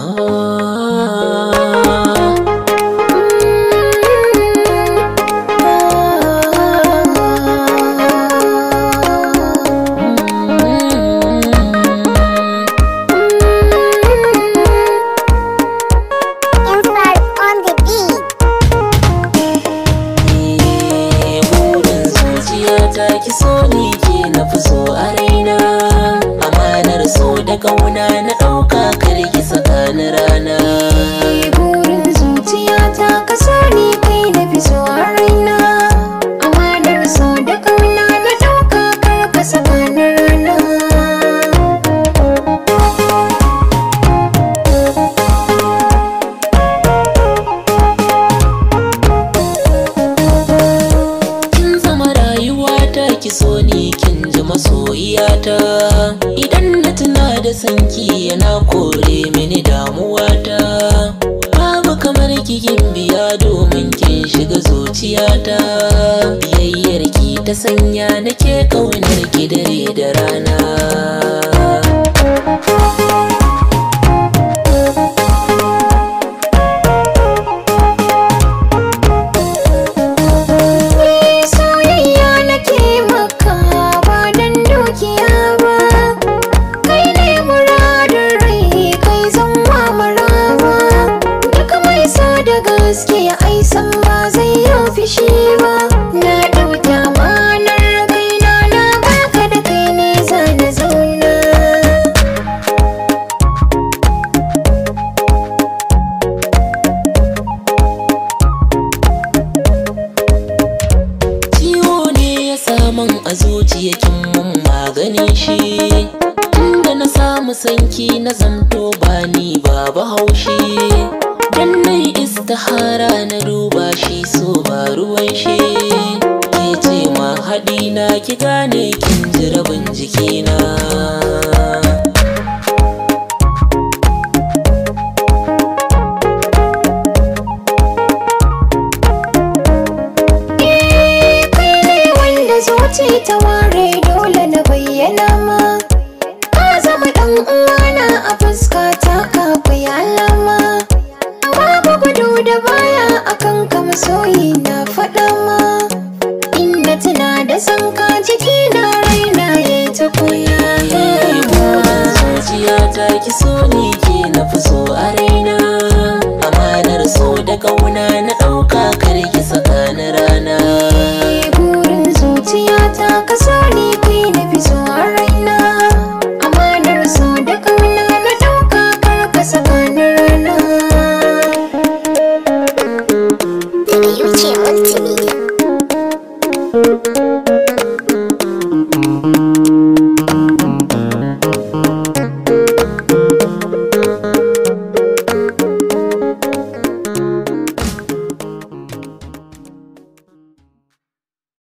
Oh. idan na tuna da sanki yana kore mini damuwata babu kamar kikin biya domin kin shiga zuciyata biyayyar ki ta sanya nake kaunar ki dare da rana zuciyakin kin mun maganin shi inda na samu sanki na zamto ba ni ba haushi dan nayi istihara na duba shi so ba ruwan shi ke ce ma haɗi na ki gane kin ji rabin jikina ce ta ware dole na bayyana ma ka zama dan uwana a fuska ta kafa alama babu gudu da baya akan ka masoyi na faɗa ma inda tana da sanka She looked to me